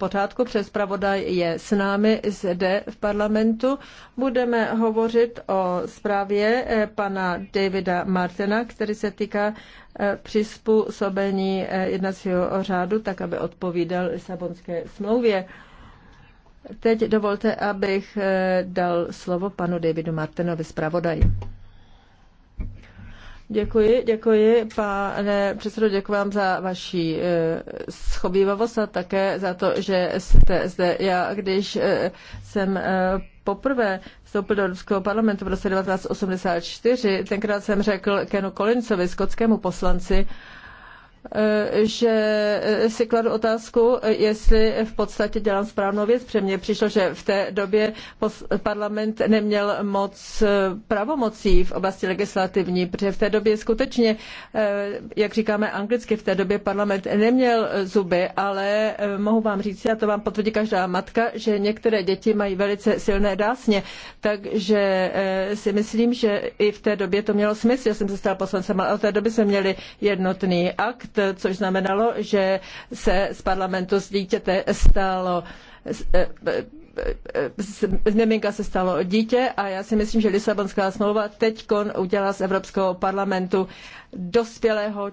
pořádku, přes zpravodaj je s námi zde v parlamentu. Budeme hovořit o zprávě eh, pana Davida Martina, který se týká eh, přizpůsobení eh, jednacího řádu, tak aby odpovídal Lisabonské smlouvě. Teď dovolte, abych dal slovo panu Davidu Martinovi zpravodaji. Děkuji, děkuji, pane předsedo, děkuji vám za vaši eh, schovývavost a také za to, že jste zde. Já, když eh, jsem eh, poprvé vstoupil do Evropského parlamentu v roce 1984, tenkrát jsem řekl Kenu Collinsovi, skotskému poslanci, Eh, že eh, si kladu otázku, eh, jestli v podstatě dělám správnou věc, protože mně přišlo, že v té době parlament neměl moc pravomocí v oblasti legislativní, protože v té době skutečně, jak říkáme anglicky, v té době parlament neměl zuby, ale mohu vám říct, a to vám potvrdí každá matka, že některé děti mají velice silné dásně, takže si myslím, že i v té době to mělo smysl, já jsem se stala poslancem, ale od té doby jsme měli jednotný akt, konflikt, což znamenalo, že se z parlamentu z dítěte stalo z Neminka e, e, se stalo dítě a já si myslím, že Lisabonská smlouva teď udělá z Evropského parlamentu dospělého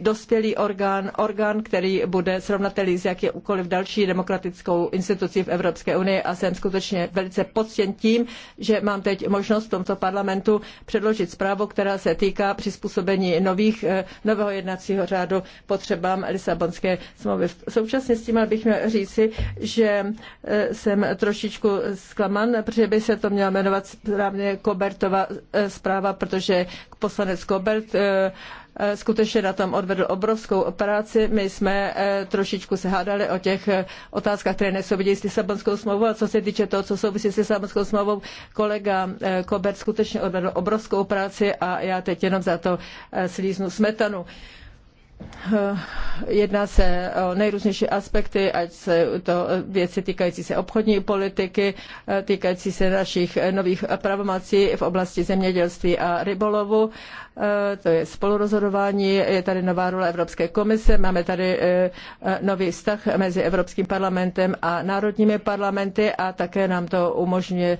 dospělý orgán, orgán, který bude srovnatelný s jakoukoliv další demokratickou institucí v Evropské unii a jsem skutečně velice poctěn tím, že mám teď možnost v tomto parlamentu předložit zprávu, která se týká přizpůsobení nových, eh, nového jednacího řádu potřebám Lisabonské smlouvy. Současně s tím bych měl říci, že eh, jsem trošičku zklaman, protože by se to měla jmenovat správně Kobertova eh, zpráva, protože poslanec Kobert Eh, skutečně na tom odvedl obrovskou práci. My jsme eh, trošičku se hádali o těch eh, otázkách, které nesouvisejí s Lisabonskou smlouvou a co se týče toho, co souvisí s Lisabonskou smlouvou, kolega Kobert skutečně odvedl obrovskou práci a já teď jenom za to slíznu smetanu. Eh, jedná se o nejrůznější aspekty, ať se to věci týkající se obchodní politiky, eh, týkající se našich nových pravomocí v oblasti zemědělství a rybolovu. Eh, to je spolurozhodování, je tady nová role Evropské komise, máme tady nový vztah mezi Evropským parlamentem a národními parlamenty a také nám to umožňuje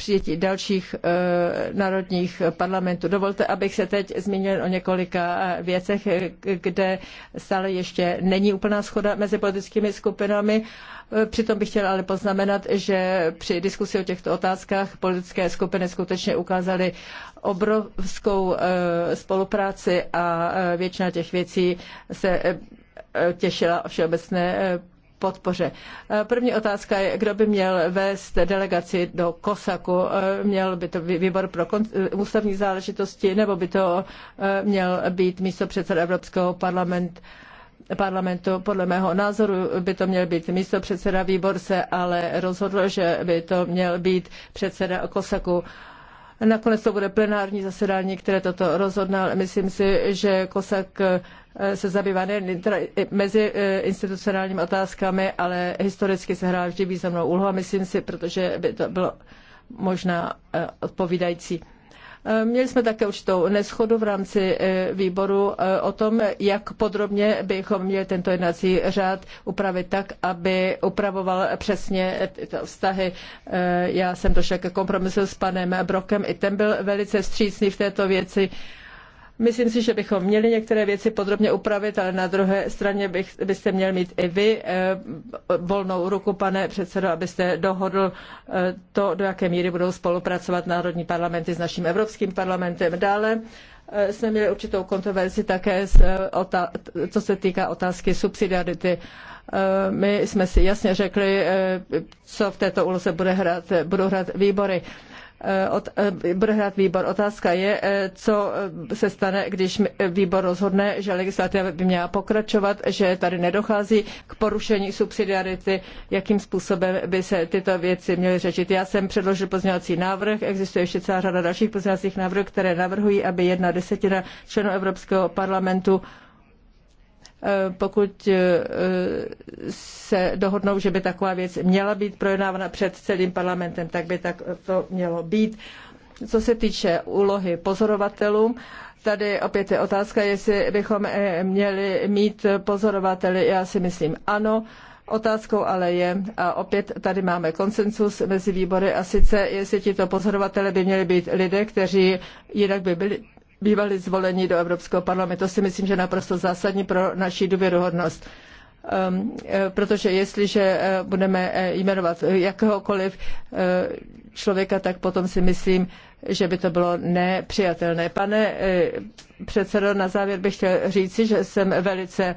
přijetí dalších eh, národních parlamentů. Dovolte, abych se teď zmínil o několika eh, věcech, eh, kde stále ještě není úplná schoda mezi politickými skupinami. Přitom bych chtěla ale poznamenat, že při diskusi o těchto otázkách politické skupiny skutečně ukázaly obrovskou spolupráci a většina těch věcí se těšila všeobecné podpoře. Eh, první otázka je, kdo by měl vést delegaci do Kosaku. Eh, měl by to výbor pro eh, ústavní záležitosti, nebo by to měl být místo předseda Evropského parlamentu? parlamentu. Podle mého názoru by to měl být místo předseda se ale rozhodlo, že by to měl být předseda Kosaku. Nakonec to bude plenární zasedání, které toto rozhodne, ale myslím si, že Kosak Eh, se zabývá nejen mezi eh, institucionálními otázkami, ale historicky se hrá vždy významnou úlohu a myslím si, protože by to bylo možná eh, odpovídající. Měli jsme také určitou neschodu v rámci výboru o tom, jak podrobně bychom měli tento jednací řád upravit tak, aby upravoval přesně tyto vztahy. Já jsem došel ke kompromisu s panem Brokem, i ten byl velice střícný v této věci. Myslím si, že bychom měli některé věci podrobně upravit, ale na druhé straně bych, byste měl mít i vy eh, volnou ruku, pane předsedo, abyste dohodl eh, to, do jaké míry budou spolupracovat národní parlamenty s naším Evropským parlamentem. Dále eh, jsme měli určitou kontroverzi také, co se týká otázky subsidiarity. My jsme si jasně řekli, co v této úloze bude hrát, budou hrát výbory. Eh, eh, bude hrát výbor. Otázka je, eh, co se stane, když výbor rozhodne, že legislativa by měla pokračovat, že tady nedochází k porušení subsidiarity, jakým způsobem by se tyto věci měly řešit. Já jsem předložil pozměňovací návrh, existuje ještě celá řada dalších pozměňovacích návrhů, které navrhují, aby jedna desetina členů Evropského parlamentu Eh, pokud eh, se dohodnou, že by taková věc měla být projednávána před celým parlamentem, tak by tak to mělo být. Co se týče úlohy pozorovatelů, tady opět je otázka, jestli bychom eh, měli mít pozorovateli. Já si myslím ano. Otázkou ale je, a opět tady máme konsensus mezi výbory, a sice jestli tito pozorovatelé by měli být lidé, kteří jinak by byli bývali zvoleni do Evropského parlamentu. To si myslím, že je naprosto zásadní pro naši důvěryhodnost um, eh, protože jestliže eh, budeme eh, jmenovat jakéhokoliv člověka, tak potom si myslím, že by to bylo nepřijatelné. Pane předsedo, na závěr bych chtěl říci, že jsem velice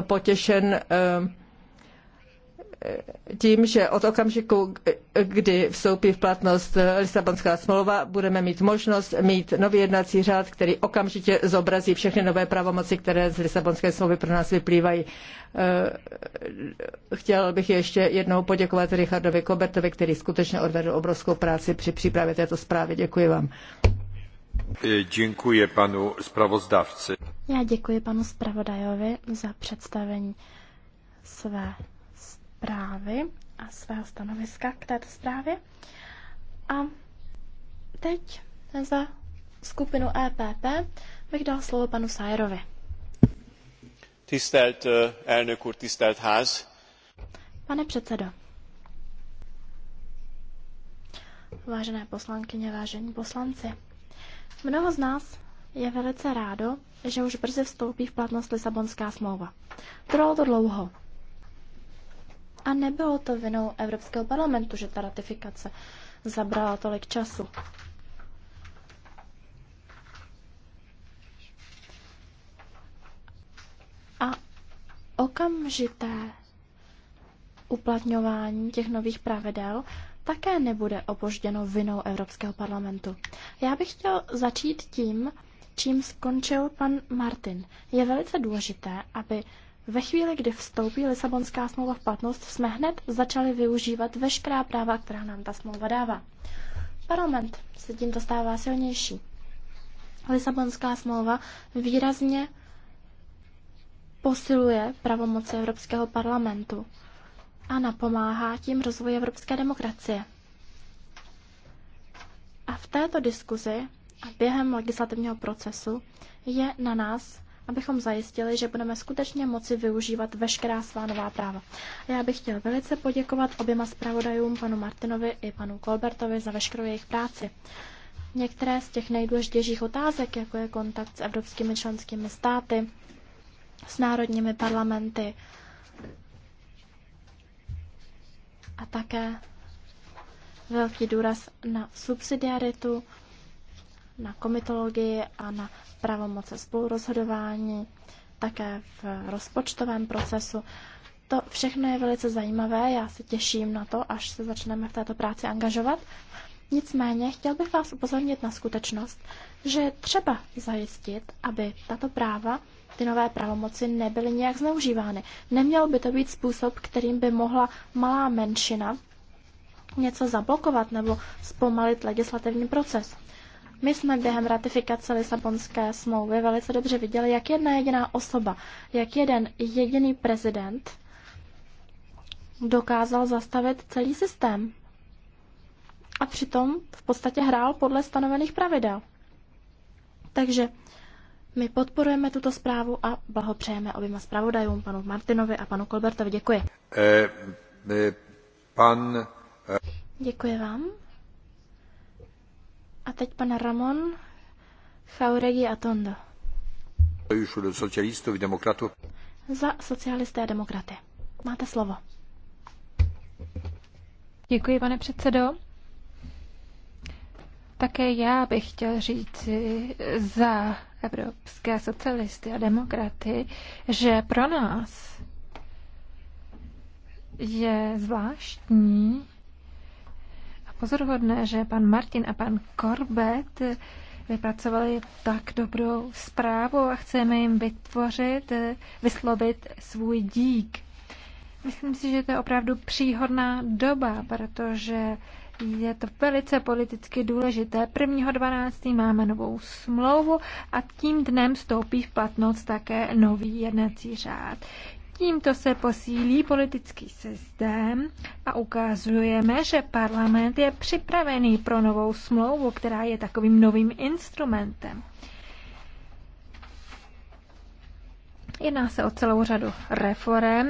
potěšen tím, že od okamžiku, kdy vstoupí v platnost Lisabonská smlouva, budeme mít možnost mít nový jednací řád, který okamžitě zobrazí všechny nové pravomoci, které z Lisabonské smlouvy pro nás vyplývají. Eh, chtěl bych ještě jednou poděkovat Richardovi Kobertovi, který skutečně odvedl obrovskou práci při přípravě této zprávy. Děkuji vám. Eh, děkuji panu zpravodajci. Já děkuji panu zpravodajovi za představení své zprávy a svá stanoviska k této zprávě. A teď za skupinu EPP bych dal slovo panu Sajerovi. Tisztelt elnök úr, tisztelt ház. Pane předsedo. Vážené poslankyně, vážení poslanci. Mnoho z nás je velice rádo, že už brzy vstoupí v platnost Lisabonská smlouva. Trvalo to dlouho, a nebylo to vinou Evropského parlamentu, že ta ratifikace zabrala tolik času. A okamžité uplatňování těch nových pravidel také nebude opožděno vinou Evropského parlamentu. Já bych chtěl začít tím, čím skončil pan Martin. Je velice důležité, aby ve chvíli, kdy vstoupí Lisabonská smlouva v platnost, jsme hned začali využívat veškerá práva, která nám ta smlouva dává. Parlament se tímto stává silnější. Lisabonská smlouva výrazně posiluje pravomoci Evropského parlamentu a napomáhá tím rozvoji evropské demokracie. A v této diskuzi a během legislativního procesu je na nás, abychom zajistili, že budeme skutečně moci využívat veškerá svá nová práva. Já bych chtěl velice poděkovat oběma zpravodajům, panu Martinovi i panu Kolbertovi, za veškerou jejich práci. Některé z těch nejdůležitějších otázek, jako je kontakt s evropskými členskými státy, s národními parlamenty a také velký důraz na subsidiaritu, na komitologii a na pravomoce spolurozhodování, také v rozpočtovém procesu. To všechno je velice zajímavé, já se těším na to, až se začneme v této práci angažovat. Nicméně chtěl bych vás upozornit na skutečnost, že je třeba zajistit, aby tato práva, ty nové pravomoci nebyly nějak zneužívány. Neměl by to být způsob, kterým by mohla malá menšina něco zablokovat nebo zpomalit legislativní proces. My jsme během ratifikace Lisabonské smlouvy velice dobře viděli, jak jedna jediná osoba, jak jeden jediný prezident dokázal zastavit celý systém. A přitom v podstatě hrál podle stanovených pravidel. Takže my podporujeme tuto zprávu a blahopřejeme oběma zpravodajům, panu Martinovi a panu Kolbertovi. Děkuji. Eh, eh, pan, eh. Děkuji vám. A teď pan Ramon Chauregi Atondo. Socialistů Za socialisté a demokraty. Máte slovo. Děkuji, pane předsedo. Také já bych chtěl říct za evropské socialisty a demokraty, že pro nás je zvláštní, pozoruhodné, že pan Martin a pan Korbet vypracovali tak dobrou zprávu a chceme jim vytvořit, vyslovit svůj dík. Myslím si, že to je opravdu příhodná doba, protože je to velice politicky důležité. 1.12. máme novou smlouvu a tím dnem stoupí v platnost také nový jednací řád. Tímto se posílí politický systém a ukazujeme, že parlament je připravený pro novou smlouvu, která je takovým novým instrumentem. Jedná se o celou řadu reform.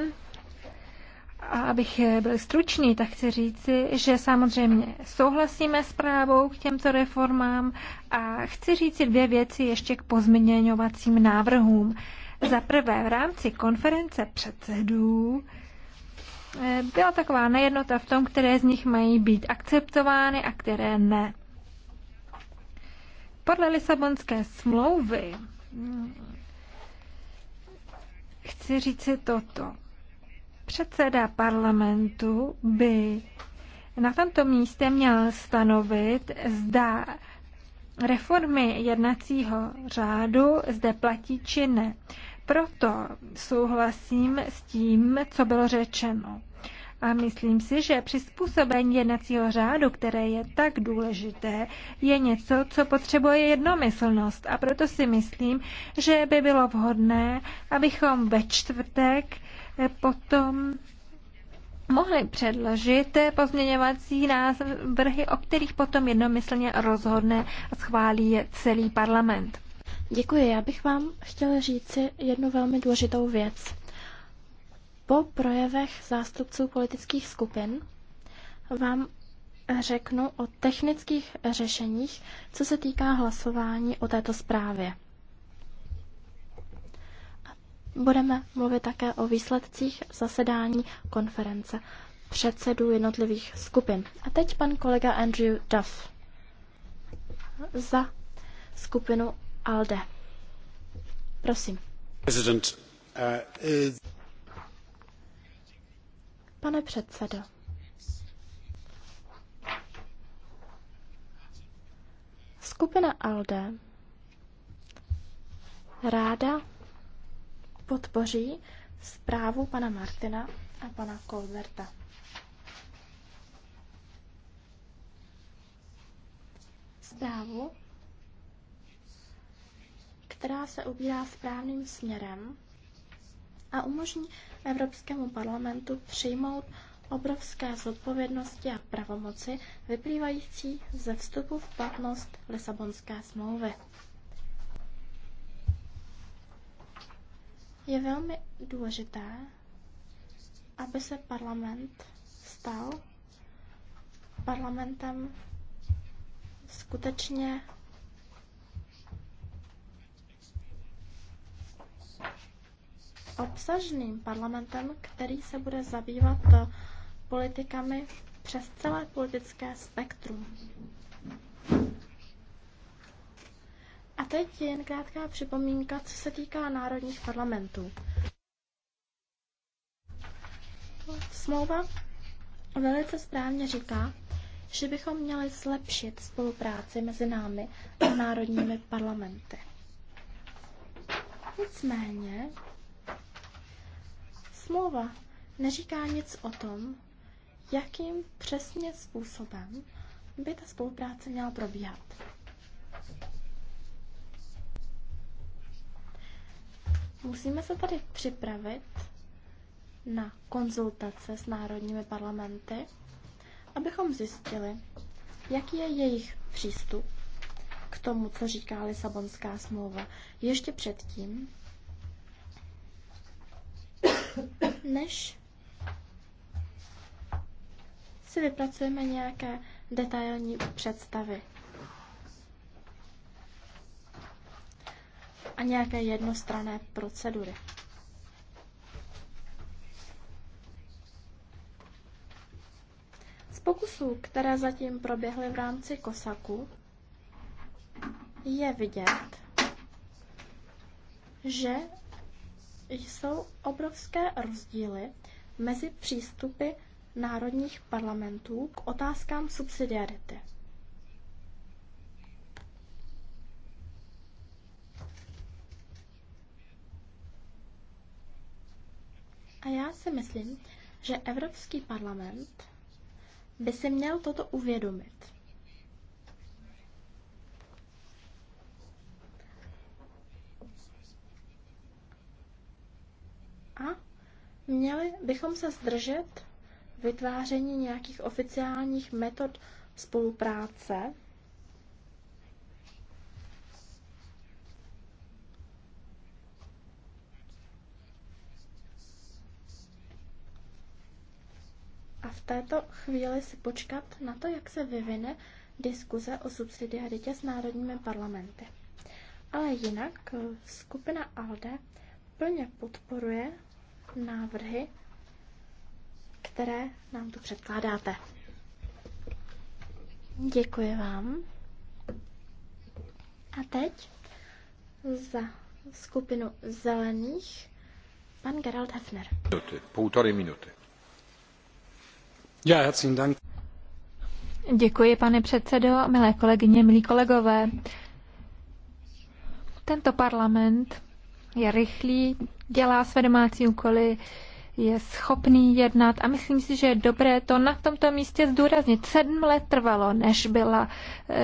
A abych byl stručný, tak chci říci, že samozřejmě souhlasíme s právou k těmto reformám a chci říci dvě věci ještě k pozměňovacím návrhům. Za prvé, v rámci konference předsedů eh, byla taková nejednota v tom, které z nich mají být akceptovány a které ne. Podle Lisabonské smlouvy hm, chci říci toto. Předseda parlamentu by na tomto místě měl stanovit, zda reformy jednacího řádu zde platí či ne. Proto souhlasím s tím, co bylo řečeno. A myslím si, že přizpůsobení jednacího řádu, které je tak důležité, je něco, co potřebuje jednomyslnost. A proto si myslím, že by bylo vhodné, abychom ve čtvrtek potom mohli předložit pozměňovací návrhy, o kterých potom jednomyslně rozhodne a schválí je celý parlament. Děkuji. Já bych vám chtěla říci jednu velmi důležitou věc. Po projevech zástupců politických skupin vám řeknu o technických řešeních, co se týká hlasování o této zprávě. Budeme mluvit také o výsledcích zasedání konference předsedů jednotlivých skupin. A teď pan kolega Andrew Duff za skupinu ALDE. Prosím. President, uh, is... Pane předsedo, skupina ALDE ráda podpoří zprávu pana Martina a pana Kolberta. Zprávu, která se ubírá správným směrem a umožní Evropskému parlamentu přijmout obrovské zodpovědnosti a pravomoci vyplývající ze vstupu v platnost Lisabonské smlouvy. Je velmi důležité, aby se parlament stal parlamentem skutečně obsažným parlamentem, který se bude zabývat politikami přes celé politické spektrum. A teď jen krátká připomínka, co se týká národních parlamentů. Smlouva velice správně říká, že bychom měli zlepšit spolupráci mezi námi a národními parlamenty. Nicméně, smlouva neříká nic o tom, jakým přesně způsobem by ta spolupráce měla probíhat. Musíme se tady připravit na konzultace s národními parlamenty, abychom zjistili, jaký je jejich přístup k tomu, co říká Lisabonská smlouva. Ještě předtím, než si vypracujeme nějaké detailní představy a nějaké jednostrané procedury. Z pokusů, které zatím proběhly v rámci Kosaku, je vidět, že jsou obrovské rozdíly mezi přístupy národních parlamentů k otázkám subsidiarity. A já si myslím, že Evropský parlament by si měl toto uvědomit. A měli bychom se zdržet vytváření nějakých oficiálních metod spolupráce této chvíli si počkat na to, jak se vyvine diskuze o subsidiaritě s národními parlamenty. Ale jinak eh, skupina ALDE plně podporuje návrhy, které nám tu předkládáte. Děkuji vám. A teď za skupinu zelených pan Gerald Hefner. Minuty, minuty. Děkuji, pane předsedající milé kolegyně, milí kolegové. Tento parlament je rychlý, dělá své domácí úkoly, je schopný jednat a myslím si, že je dobré to na tomto místě zdůraznit. Sedm let trvalo, než, byla,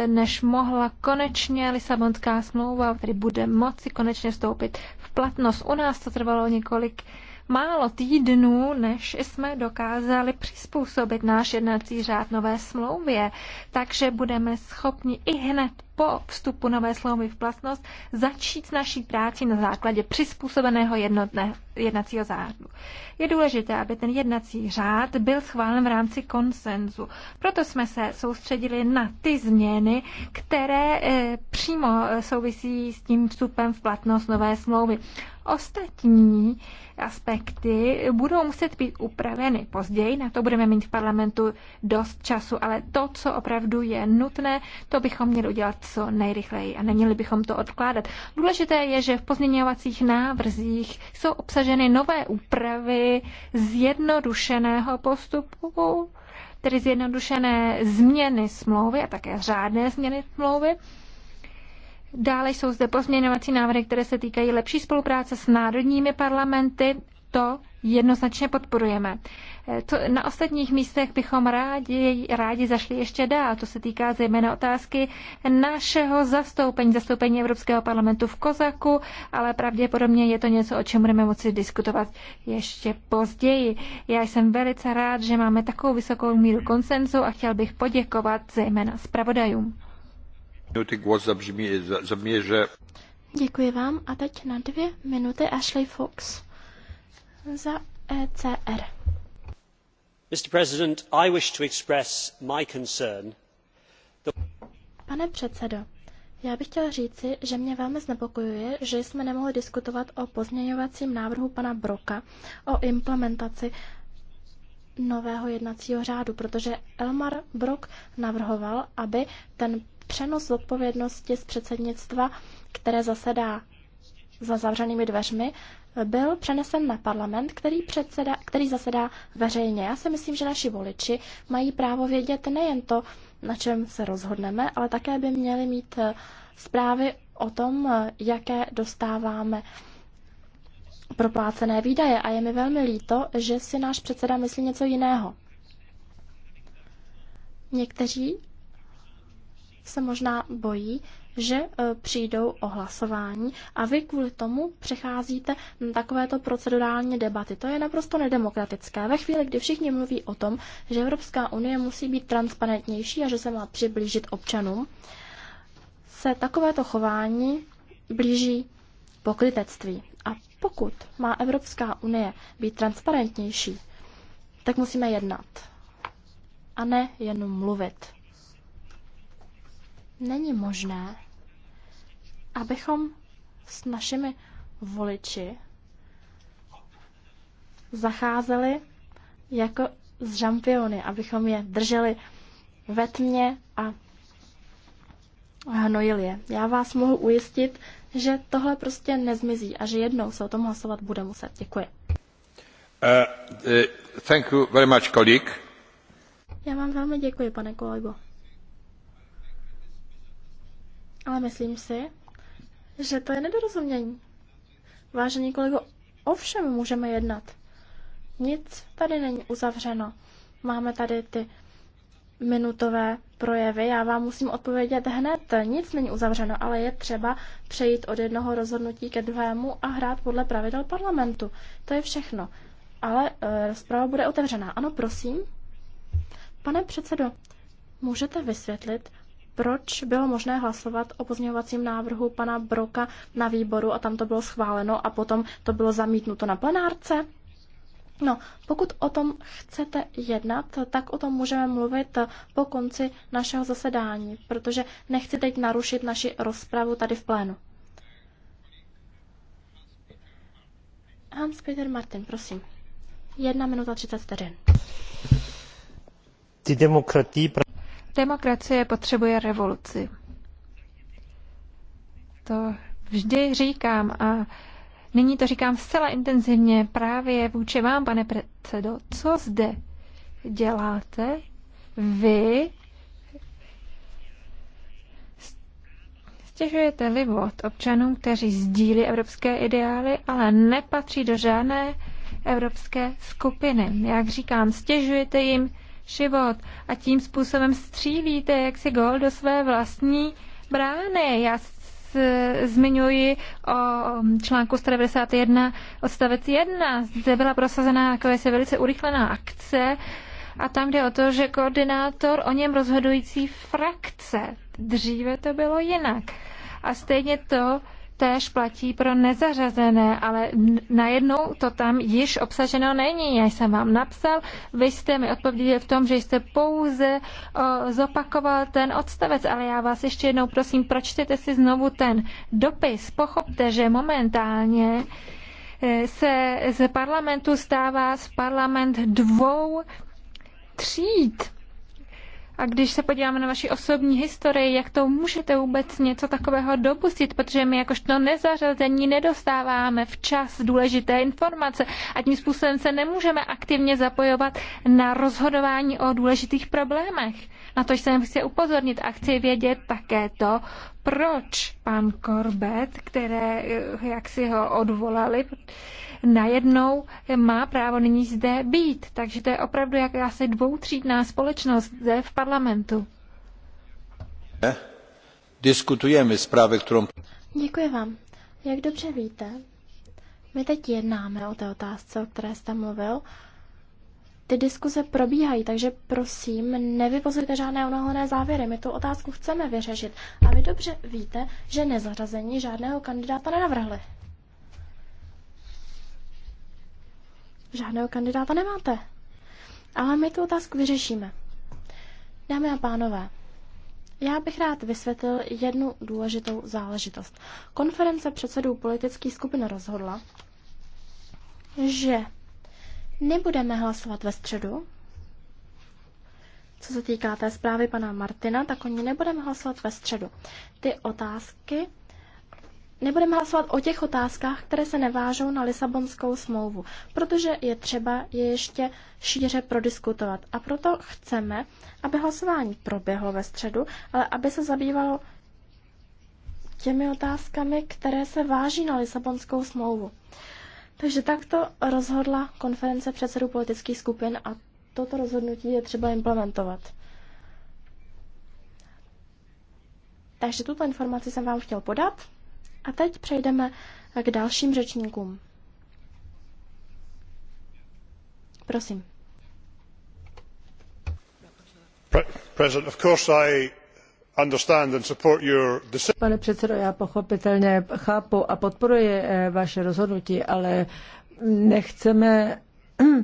než mohla konečně Lisabonská smlouva, tedy bude moci konečně vstoupit v platnost. U nás to trvalo několik málo týdnů, než jsme dokázali přizpůsobit náš jednací řád nové smlouvě, takže budeme schopni i hned po vstupu nové smlouvy v platnost začít s naší práci na základě přizpůsobeného jednotné, jednacího řádu. Je důležité, aby ten jednací řád byl schválen v rámci konsenzu. Proto jsme se soustředili na ty změny, které e, přímo eh, souvisí s tím vstupem v platnost nové smlouvy. Ostatní aspekty budou muset být upraveny později, na to budeme mít v parlamentu dost času, ale to, co opravdu je nutné, to bychom měli udělat co nejrychleji a neměli bychom to odkládat. Důležité je, že v pozměňovacích návrzích jsou obsaženy nové úpravy zjednodušeného postupu, tedy zjednodušené změny smlouvy a také řádné změny smlouvy. Dále jsou zde pozměňovací návrhy, které se týkají lepší spolupráce s národními parlamenty. To jednoznačně podporujeme. Eh, to, na ostatních místech bychom rádi, rádi zašli ještě dál. To se týká zejména otázky našeho zastoupení, zastoupení Evropského parlamentu v Kozaku, ale pravděpodobně je to něco, o čem budeme moci diskutovat ještě později. Já jsem velice rád, že máme takovou vysokou míru konsenzu a chtěl bych poděkovat zejména zpravodajům. Děkuji vám a teď na dvě minuty Ashley Fox za ECR. Pane předsedo, já bych chtěl říci, že mě velmi znepokojuje, že jsme nemohli diskutovat o pozměňovacím návrhu pana Broka o implementaci nového jednacího řádu, protože Elmar Brok navrhoval, aby ten přenos odpovědnosti z předsednictva, které zasedá za zavřenými dveřmi, byl přenesen na parlament, který, předseda, který zasedá veřejně. Já si myslím, že naši voliči mají právo vědět nejen to, na čem se rozhodneme, ale také by měli mít eh, zprávy o tom, eh, jaké dostáváme proplácené výdaje. A je mi velmi líto, že si náš předseda myslí něco jiného. Někteří se možná bojí, že e, přijdou o hlasování a vy kvůli tomu přecházíte na takovéto procedurální debaty. To je naprosto nedemokratické. Ve chvíli, kdy všichni mluví o tom, že Evropská unie musí být transparentnější a že se má přiblížit občanům, se takovéto chování blíží pokrytectví. A pokud má Evropská unie být transparentnější, tak musíme jednat a ne jenom mluvit. Není možné, abychom s našimi voliči zacházeli jako s žampiony, abychom je drželi ve tmě a hnojili. je. Já vás mohu ujistit, že tohle prostě nezmizí a že jednou se o tom hlasovat bude muset. Děkuji. Uh, uh, thank you very much, colleague. Já vám velmi děkuji, pane kolego. Ale myslím si, že to je nedorozumění. Vážení kolego, ovšem můžeme jednat. Nic tady není uzavřeno. Máme tady ty minutové projevy. Já vám musím odpovědět hned. Nic není uzavřeno, ale je třeba přejít od jednoho rozhodnutí ke druhému a hrát podle pravidel parlamentu. To je všechno. Ale e, rozprava bude otevřená. Ano, prosím. Pane předsedo, můžete vysvětlit, proč bylo možné hlasovat o pozměňovacím návrhu pana Broka na výboru a tam to bylo schváleno a potom to bylo zamítnuto na plenárce? No, pokud o tom chcete jednat, tak o tom můžeme mluvit po konci našeho zasedání, protože nechci teď narušit naši rozpravu tady v plénu. Hans-Peter Martin, prosím. Jedna minuta 30 vteřin. Ty demokratii... Demokracie potřebuje revoluci. To vždy říkám a nyní to říkám zcela intenzivně právě vůči vám, pane předsedo. Co zde děláte vy? Stěžujete livot občanům, kteří sdílí evropské ideály, ale nepatří do žádné evropské skupiny. Jak říkám, stěžujete jim život a tím způsobem střílíte jaksi gol do své vlastní brány. Já zmiňuji o článku 191 odstavec 1. kde byla prosazená jako se velice urychlená akce a tam jde o to, že koordinátor o něm rozhodující frakce. Dříve to bylo jinak. A stejně to též platí pro nezařazené, ale najednou to tam již obsaženo není. Já jsem vám napsal, vy jste mi odpověděli v tom, že jste pouze o, zopakoval ten odstavec, ale já vás ještě jednou prosím, pročtěte si znovu ten dopis. Pochopte, že momentálně e, se z parlamentu stává z parlament dvou tříd a když se podíváme na vaši osobní historii, jak to můžete vůbec něco takového dopustit, protože my jakožto nezařazení nedostáváme včas důležité informace a tím způsobem se nemůžeme aktivně zapojovat na rozhodování o důležitých problémech. Na to jsem chci upozornit a chci vědět také to, proč pan Korbet, které eh, jak si ho odvolali, najednou má právo nyní zde být. Takže to je opravdu jakási dvoutřídná společnost zde v parlamentu. Diskutujeme zprávy, kterou... Děkuji vám. Jak dobře víte, my teď jednáme o té otázce, o které jste mluvil. Ty diskuze probíhají, takže prosím, nevypozujte žádné unahoné závěry. My tu otázku chceme vyřešit. A vy dobře víte, že nezařazení žádného kandidáta nenavrhli. Žádného kandidáta nemáte. Ale my tu otázku vyřešíme. Dámy a pánové, já bych rád vysvětlil jednu důležitou záležitost. Konference předsedů politických skupin rozhodla, že nebudeme hlasovat ve středu. Co se týká té zprávy pana Martina, tak oni nebudeme hlasovat ve středu. Ty otázky nebudeme hlasovat o těch otázkách, které se nevážou na Lisabonskou smlouvu, protože je třeba je ještě šíře prodiskutovat. A proto chceme, aby hlasování proběhlo ve středu, ale aby se zabývalo těmi otázkami, které se váží na Lisabonskou smlouvu. Takže takto rozhodla konference předsedů politických skupin a toto rozhodnutí je třeba implementovat. Takže tuto informaci jsem vám chtěl podat. A teď přejdeme k dalším řečníkům. Prosím. Pane předsedo, já pochopitelně chápu a podporuji eh, vaše rozhodnutí, ale nechceme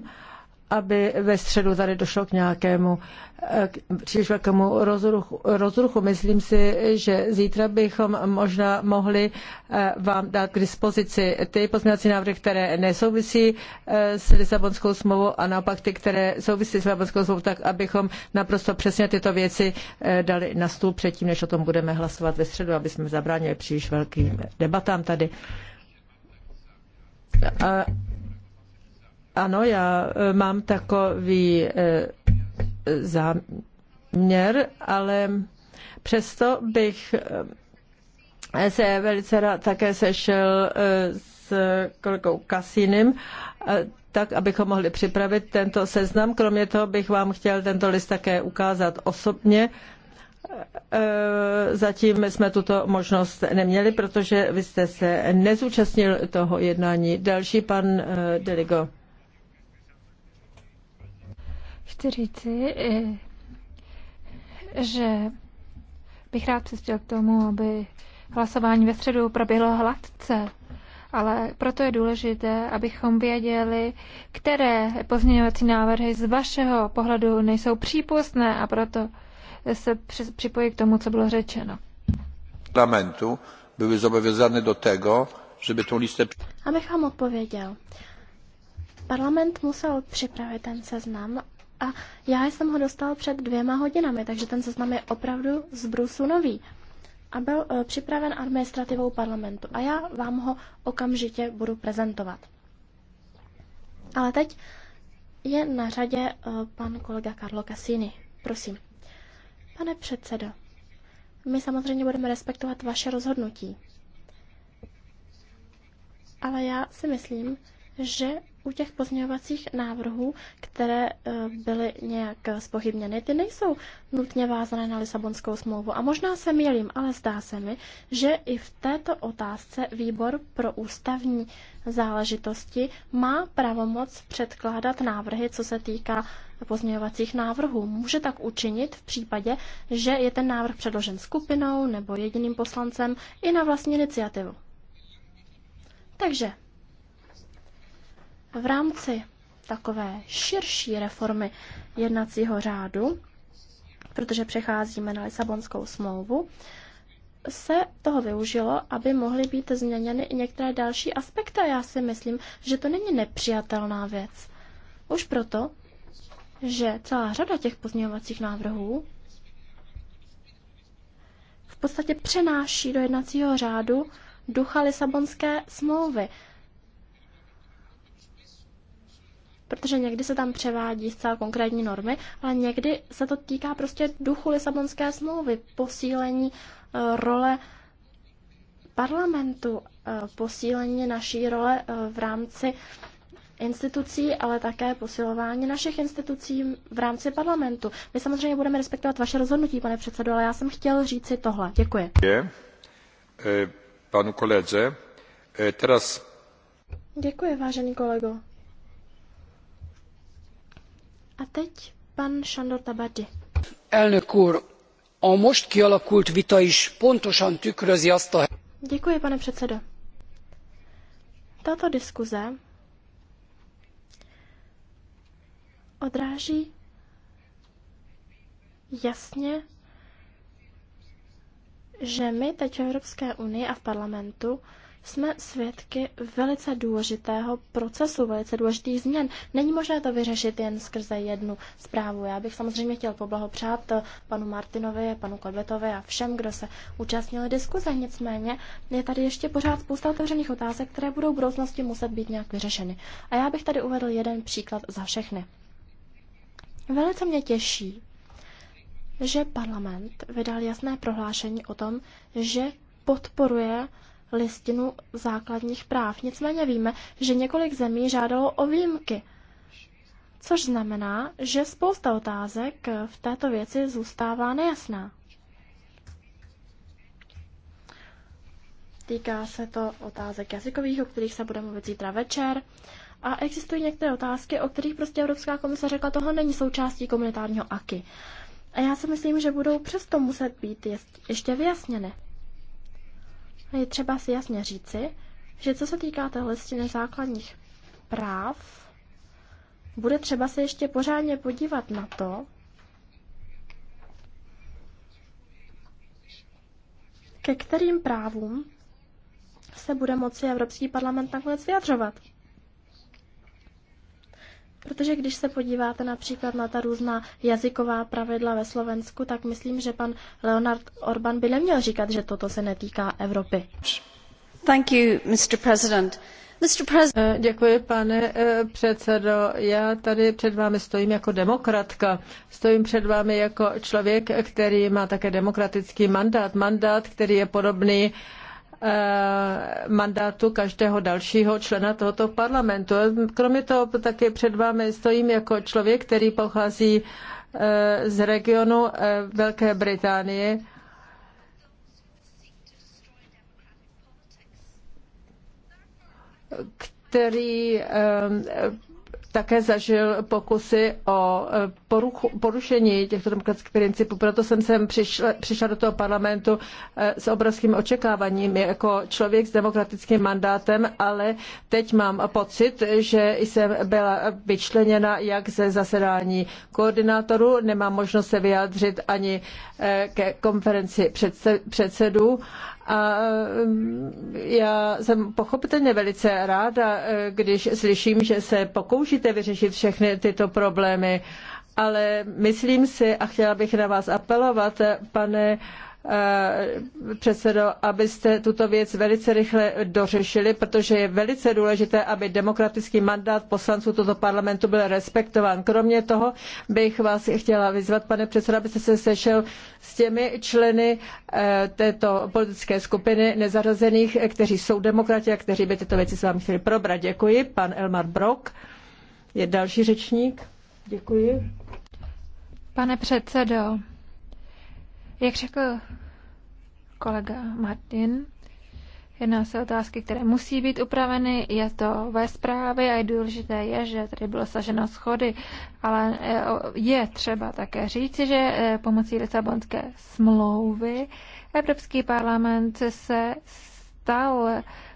aby ve středu tady došlo k nějakému eh, k příliš velkému rozruchu, rozruchu. Myslím si, že zítra bychom možná mohli eh, vám dát k dispozici ty pozměňovací návrhy, které nesouvisí eh, s Lisabonskou smlouvou a naopak ty, které souvisí s Lisabonskou smlouvou, tak abychom naprosto přesně tyto věci dali na stůl předtím, než o tom budeme hlasovat ve středu, aby jsme zabránili příliš velkým debatám tady. A ano, já eh, mám takový eh, záměr, ale přesto bych eh, se velice rád také sešel s kolegou Kasínem, tak abychom mohli připravit tento seznam. Kromě toho bych vám chtěl tento list také ukázat osobně. Zatím jsme tuto možnost neměli, protože vy jste se nezúčastnil toho jednání. Další pan Deligo. Chci říci, eh, že bych rád přistěl k tomu, aby hlasování ve středu proběhlo hladce ale proto je důležité, abychom věděli, které pozměňovací návrhy z vašeho pohledu nejsou přípustné a proto se připojí k tomu, co bylo řečeno. Parlamentu byly zobavězány do tego, že by tu listę... Abych vám odpověděl. Parlament musel připravit ten seznam a já jsem ho dostal před dvěma hodinami, takže ten seznam je opravdu z Brusu nový. A byl eh, připraven administrativou parlamentu. A já vám ho okamžitě budu prezentovat. Ale teď je na řadě eh, pan kolega Carlo Cassini. Prosím. Pane předsedo, my samozřejmě budeme respektovat vaše rozhodnutí. Ale já si myslím, že u těch pozměňovacích návrhů, které eh, byly nějak spochybněny, ty nejsou nutně vázané na Lisabonskou smlouvu. A možná se mýlím, ale zdá se mi, že i v této otázce výbor pro ústavní záležitosti má pravomoc předkládat návrhy, co se týká pozměňovacích návrhů. Může tak učinit v případě, že je ten návrh předložen skupinou nebo jediným poslancem i na vlastní iniciativu. Takže v rámci takové širší reformy jednacího řádu, protože přecházíme na Lisabonskou smlouvu, se toho využilo, aby mohly být změněny i některé další aspekty. Já si myslím, že to není nepřijatelná věc. Už proto, že celá řada těch pozměňovacích návrhů v podstatě přenáší do jednacího řádu ducha Lisabonské smlouvy. protože někdy se tam převádí zcela konkrétní normy, ale někdy se to týká prostě duchu Lisabonské smlouvy, posílení eh, role parlamentu, eh, posílení naší role eh, v rámci institucí, ale také posilování našich institucí v rámci parlamentu. My samozřejmě budeme respektovat vaše rozhodnutí, pane předsedo, ale já jsem chtěl říct si tohle. Děkuji. Je, panu koledze, teraz... Děkuji, vážený kolego. A teď pan Sándor Tabadi. Elnök úr, a most kialakult vita is pontosan tükrözi azt a... Děkuji, pane předsedo. Tato diskuze odráží jasně, že my teď v Evropské unii a v parlamentu jsme svědky velice důležitého procesu, velice důležitých změn. Není možné to vyřešit jen skrze jednu zprávu. Já bych samozřejmě chtěl poblahopřát panu Martinovi, panu Kodvetovi a všem, kdo se účastnili diskuze. Nicméně je tady ještě pořád spousta otevřených otázek, které budou v budoucnosti muset být nějak vyřešeny. A já bych tady uvedl jeden příklad za všechny. Velice mě těší, že parlament vydal jasné prohlášení o tom, že podporuje listinu základních práv. Nicméně víme, že několik zemí žádalo o výjimky, což znamená, že spousta otázek v této věci zůstává nejasná. Týká se to otázek jazykových, o kterých se bude mluvit zítra večer. A existují některé otázky, o kterých prostě Evropská komise řekla, toho není součástí komunitárního AKY. A já si myslím, že budou přesto muset být ještě vyjasněny je třeba si jasně říci, že co se týká té listiny základních práv, bude třeba se ještě pořádně podívat na to, ke kterým právům se bude moci Evropský parlament nakonec vyjadřovat. Protože když se podíváte například na ta různá jazyková pravidla ve Slovensku, tak myslím, že pan Leonard Orban by neměl říkat, že toto se netýká Evropy. Thank you, Mr. President. Mr. President. Eh, děkuji, pane eh, předsedo. Já tady před vámi stojím jako demokratka. Stojím před vámi jako člověk, který má také demokratický mandát. Mandát, který je podobný uh, Eh, mandátu každého dalšího člena tohoto parlamentu. Kromě toho také před vámi stojím jako člověk, který pochází eh, z regionu eh, Velké Británie. který také zažil pokusy o e, poruchu, porušení těchto demokratických principů. Proto jsem sem přišla, přišla do toho parlamentu e, s obrovským očekáváním jako člověk s demokratickým mandátem, ale teď mám pocit, že jsem byla vyčleněna jak ze zasedání koordinátorů, nemám možnost se vyjádřit ani e, ke konferenci předsedů a um, já jsem pochopitelně velice ráda, eh, když slyším, že se pokoušíte vyřešit všechny tyto problémy, ale myslím si, a chtěla bych na vás apelovat, eh, pane Eh, předsedo, abyste tuto věc velice rychle dořešili, protože je velice důležité, aby demokratický mandát poslanců tohoto parlamentu byl respektován. Kromě toho bych vás chtěla vyzvat, pane předsedo, abyste se sešel s těmi členy eh, této politické skupiny nezařazených, kteří jsou demokrati a kteří by tyto věci s vámi chtěli probrat. Děkuji. Pan Elmar Brok je další řečník. Děkuji. Pane předsedo, jak řekl kolega Martin, jedná se o otázky, které musí být upraveny, je to ve zprávě a je důležité je, že tady bylo saženo schody, ale e, je třeba také říci, že e, pomocí Lisabonské smlouvy Evropský parlament se stal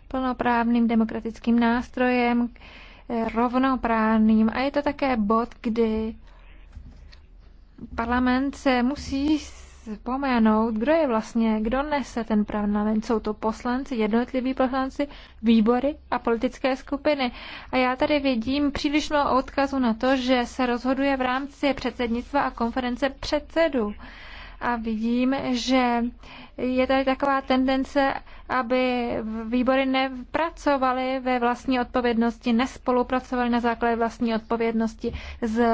plnoprávným demokratickým nástrojem, e, rovnoprávným a je to také bod, kdy parlament se musí vzpomenout, kdo je vlastně, kdo nese ten parlament. Jsou to poslanci, jednotliví poslanci, výbory a politické skupiny. A já tady vidím příliš mnoho odkazu na to, že se rozhoduje v rámci předsednictva a konference předsedu. A vidím, že je tady taková tendence, aby výbory nepracovaly ve vlastní odpovědnosti, nespolupracovaly na základě vlastní odpovědnosti z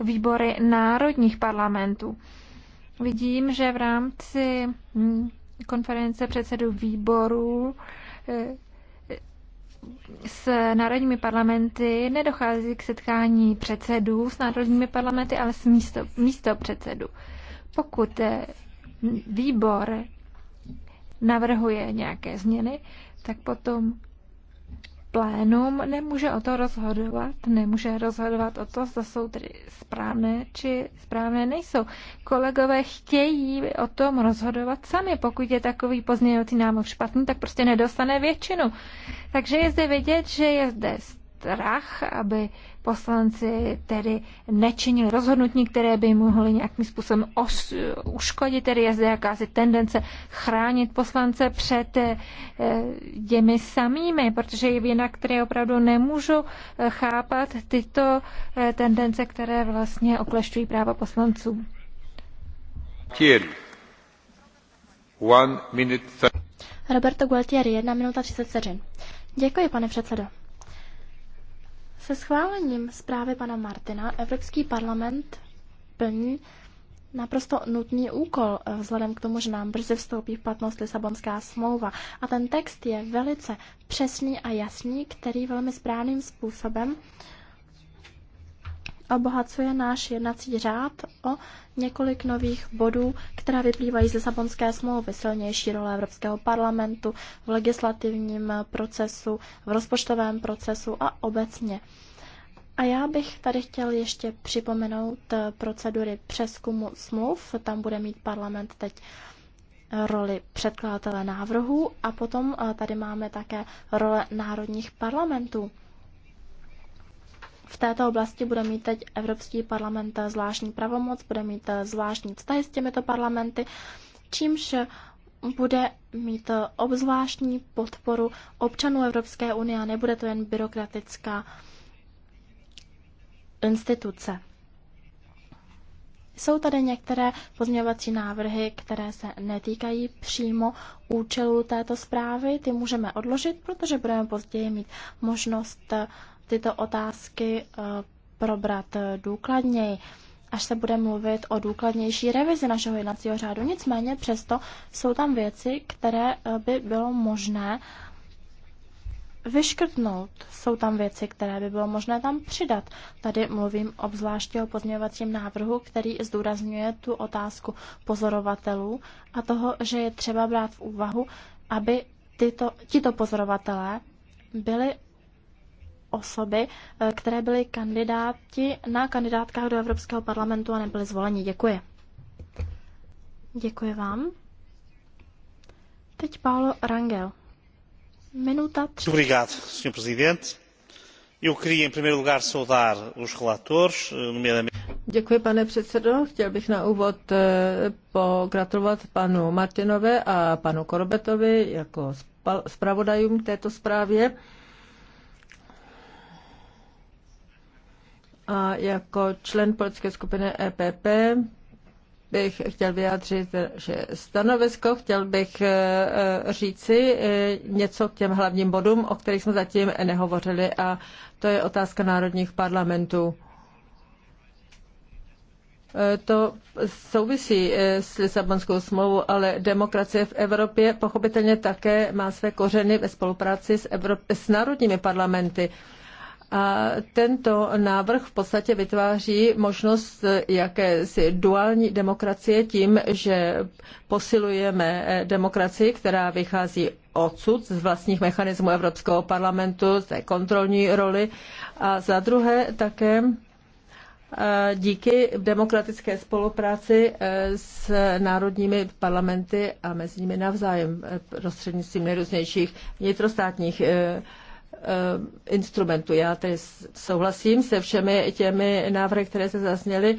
výbory národních parlamentů. Vidím, že v rámci hm, konference předsedů výborů eh, s národními parlamenty nedochází k setkání předsedů s národními parlamenty, ale s místo, místo předsedů. Pokud eh, výbor navrhuje nějaké změny, tak potom plénum nemůže o to rozhodovat, nemůže rozhodovat o to, zda jsou tedy správné či správné nejsou. Kolegové chtějí o tom rozhodovat sami. Pokud je takový pozměňovací návrh špatný, tak prostě nedostane většinu. Takže je zde vidět, že je zde strach, aby poslanci tedy nečinili rozhodnutí, které by mohly nějakým způsobem os, uškodit, tedy je zde jakási tendence chránit poslance před e, samými, protože jinak, které opravdu nemůžu eh, chápat tyto e, tendence, které vlastně oklešťují práva poslanců. Thierry. One minute Roberto Gualtieri, 1 minuta 30 vteřin. Děkuji, pane předsedo. Se schválením zprávy pana Martina Evropský parlament plní naprosto nutný úkol, eh, vzhledem k tomu, že nám brzy vstoupí v platnost Lisabonská smlouva. A ten text je velice přesný a jasný, který velmi správným způsobem uh, obohacuje náš jednací řád o několik nových bodů, které vyplývají z Lisabonské smlouvy. Silnější role Evropského parlamentu v legislativním procesu, v rozpočtovém procesu a obecně. A já bych tady chtěl ještě připomenout procedury přeskumu smluv. Tam bude mít parlament teď roli předkladatele návrhu a potom eh, tady máme také role národních parlamentů. V této oblasti bude mít teď Evropský parlament zvláštní pravomoc, bude mít zvláštní vztahy s těmito parlamenty, čímž bude mít obzvláštní podporu občanů Evropské unie a nebude to jen byrokratická instituce. Jsou tady některé pozměňovací návrhy, které se netýkají přímo účelu této zprávy. Ty můžeme odložit, protože budeme později mít možnost tyto otázky eh, probrat důkladněji, až se bude mluvit o důkladnější revizi našeho jednacího řádu. Nicméně přesto jsou tam věci, které eh, by bylo možné vyškrtnout. Jsou tam věci, které by bylo možné tam přidat. Tady mluvím obzvláště o pozměňovacím návrhu, který zdůrazňuje tu otázku pozorovatelů a toho, že je třeba brát v úvahu, aby tyto, tito pozorovatelé byli osoby, eh, které byly kandidáti na kandidátkách do Evropského parlamentu a nebyly zvoleni. Děkuji. Děkuji vám. Teď Paolo Rangel. Minuta tři. Obrigado, senhor presidente. Eu queria, em primeiro lugar, saudar os relatores, eh, nomeadamente... Děkuji, pane předsedo. Chtěl bych na úvod eh, pogratulovat panu Martinové a panu Korbetovi jako spravodajům této zprávě. A jako člen politické skupiny EPP bych chtěl vyjádřit že stanovisko, chtěl bych eh, eh, říci eh, něco k těm hlavním bodům, o kterých jsme zatím nehovořili a to je otázka národních parlamentů. To souvisí s Lisabonskou smlouvou, ale demokracie v Evropě pochopitelně také má své kořeny ve spolupráci s, Evrop- s národními parlamenty. A tento návrh v podstatě vytváří možnost jakési duální demokracie tím, že posilujeme demokracii, která vychází odsud z vlastních mechanismů Evropského parlamentu, z té kontrolní roli a za druhé také e, díky demokratické spolupráci e, s národními parlamenty a mezi nimi navzájem e, prostřednictvím nejrůznějších vnitrostátních Eh, instrumentu. Já tedy souhlasím se všemi těmi návrhy, které se zazněly.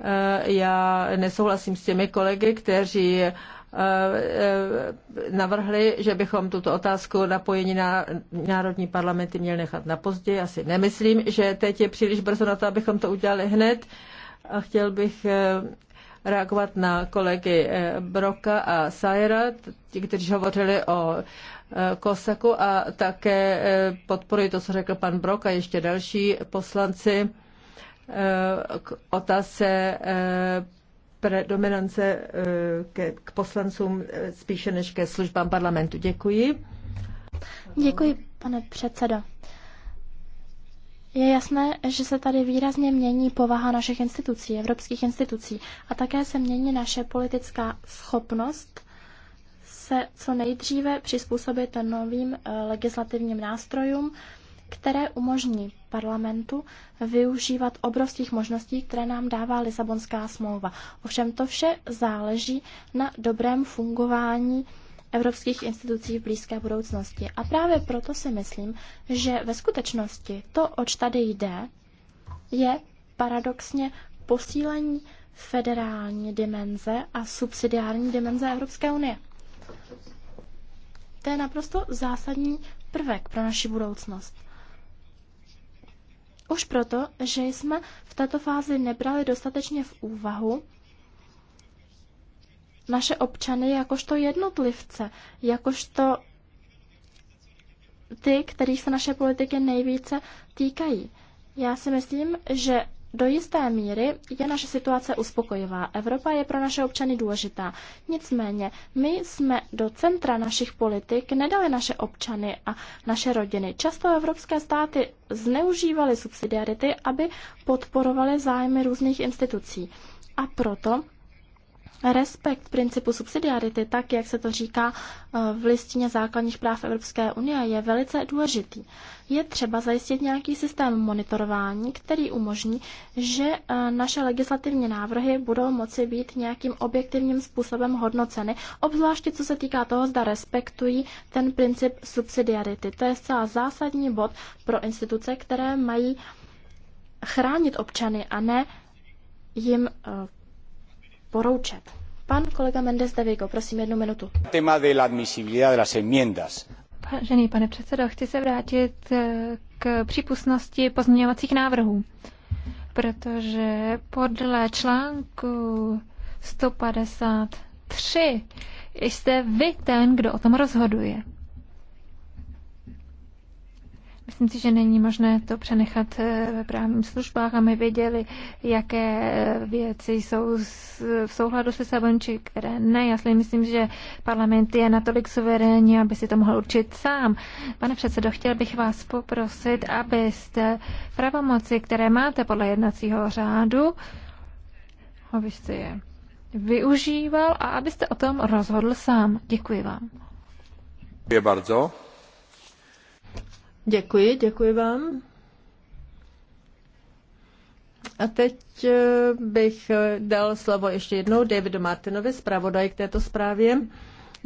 Eh, já nesouhlasím s těmi kolegy, kteří eh, navrhli, že bychom tuto otázku napojení na národní parlamenty měli nechat na později. Asi nemyslím, že teď je příliš brzo na to, abychom to udělali hned. A chtěl bych reagovat na kolegy Broka a Sajera, kteří hovořili o Eh, Kosaku a také eh, podporuji to, co řekl pan Brok a ještě další poslanci eh, k otázce predominance k poslancům spíše než ke službám parlamentu. Děkuji. Děkuji, pane předsedo. Je jasné, že se tady výrazně mění povaha našich institucí, evropských institucí, a také se mění naše politická schopnost se co nejdříve přizpůsobit novým eh, legislativním nástrojům, které umožní parlamentu využívat obrovských možností, které nám dává Lisabonská smlouva. Ovšem to vše záleží na dobrém fungování evropských institucí v blízké budoucnosti. A právě proto si myslím, že ve skutečnosti to, oč tady jde, je paradoxně posílení federální dimenze a subsidiární dimenze Evropské unie. To je naprosto zásadní prvek pro naši budoucnost. Už proto, že jsme v této fázi nebrali dostatečně v úvahu naše občany jakožto jednotlivce, jakožto ty, kterých se naše politiky nejvíce týkají. Já si myslím, že do jisté míry je naše situace uspokojivá. Evropa je pro naše občany důležitá. Nicméně, my jsme do centra našich politik nedali naše občany a naše rodiny. Často evropské státy zneužívaly subsidiarity, aby podporovaly zájmy různých institucí. A proto respekt principu subsidiarity, tak jak se to říká eh, v listině základních práv Evropské unie, je velice důležitý. Je třeba zajistit nějaký systém monitorování, který umožní, že eh, naše legislativní návrhy budou moci být nějakým objektivním způsobem hodnoceny, obzvláště co se týká toho, zda respektují ten princip subsidiarity. To je zcela zásadní bod pro instituce, které mají chránit občany a ne jim eh, poroučet. Pan kolega Mendes de Vigo, prosím jednu minutu. Téma de la admisibilidad de las enmiendas. Vážený pane předsedo, chci se vrátit eh, k přípustnosti pozměňovacích návrhů, protože podle článku 153 jste vy ten, kdo o tom rozhoduje. Myslím si, že není možné to přenechat eh, ve právních službách, aby věděli, jaké eh, věci jsou v souhladu se Lisabon, či které ne. Já si myslím, že parlament je natolik suverénní, aby si to mohl určit sám. Pane předsedo, chtěl bych vás poprosit, abyste pravomoci, které máte podle jednacího řádu, abyste je využíval a abyste o tom rozhodl sám. Děkuji vám. Děkuji bardzo. Děkuji, děkuji vám. A teď eh, bych eh, dal slovo ještě jednou Davidu Martinovi, zpravodaj k této zprávě.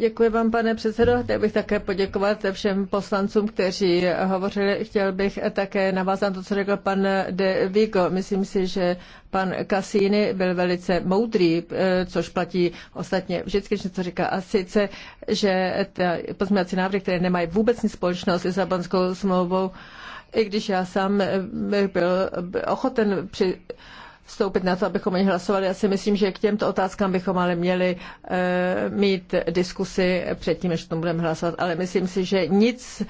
Děkuji vám, pane předsedo. Chtěl bych také poděkovat všem poslancům, kteří hovořili. Chtěl bych také navázat to, co řekl pan De Vigo. Myslím si, že pan Cassini byl velice moudrý, eh, což platí ostatně vždycky, že to říká. A sice, že pozměňovací návrhy, které nemají vůbec nic společného s Lisabonskou smlouvou, i když já sám eh, byl ochoten při vstoupit na to, abychom o nich hlasovali. Já si myslím, že k těmto otázkám bychom ale měli e, mít diskusy předtím, než o tom budeme hlasovat. Ale myslím si, že nic,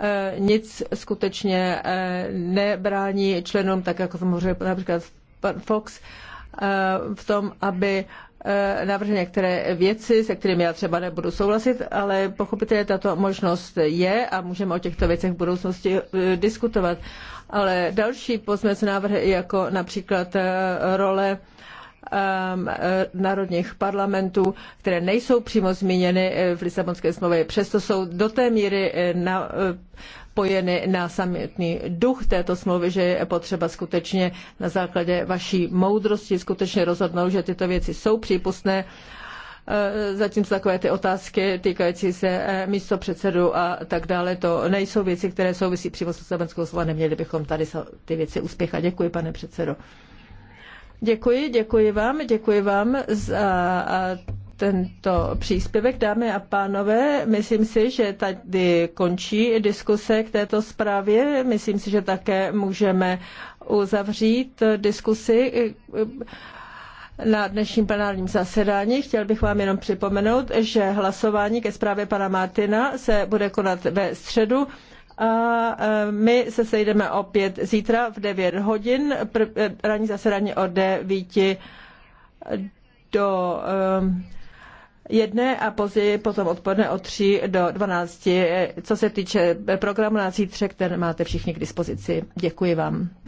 e, nic skutečně e, nebrání členům, tak jako to hovořil například pan Fox, e, v tom, aby navrhl některé věci, se kterými já třeba nebudu souhlasit, ale pochopitelně tato možnost je a můžeme o těchto věcech v budoucnosti diskutovat ale další pozměc návrhy, jako například eh, role ehm, eh, národních parlamentů, které nejsou přímo zmíněny eh, v Lisabonské smlouvě, přesto jsou do té míry napojeny na samotný duch této smlouvy, že je potřeba skutečně na základě vaší moudrosti skutečně rozhodnout, že tyto věci jsou přípustné Eh, zatímco takové ty otázky týkající se eh, místo předsedu a tak dále, to nejsou věci, které souvisí přímo s slovenskou slova. Neměli bychom tady ty věci úspěcha. Děkuji, pane předsedo. Děkuji, děkuji vám, děkuji vám za tento příspěvek. Dámy a pánové, myslím si, že tady končí diskuse k této zprávě. Myslím si, že také můžeme uzavřít diskusi na dnešním plenárním zasedání. Chtěl bych vám jenom připomenout, že hlasování ke zprávě pana Martina se bude konat ve středu a e, my se sejdeme opět zítra v 9 hodin, e, ranní zasedání od 9 do e, jedné a později potom odpoledne od 3 do 12. Co se týče programu na zítřek, ten máte všichni k dispozici. Děkuji vám.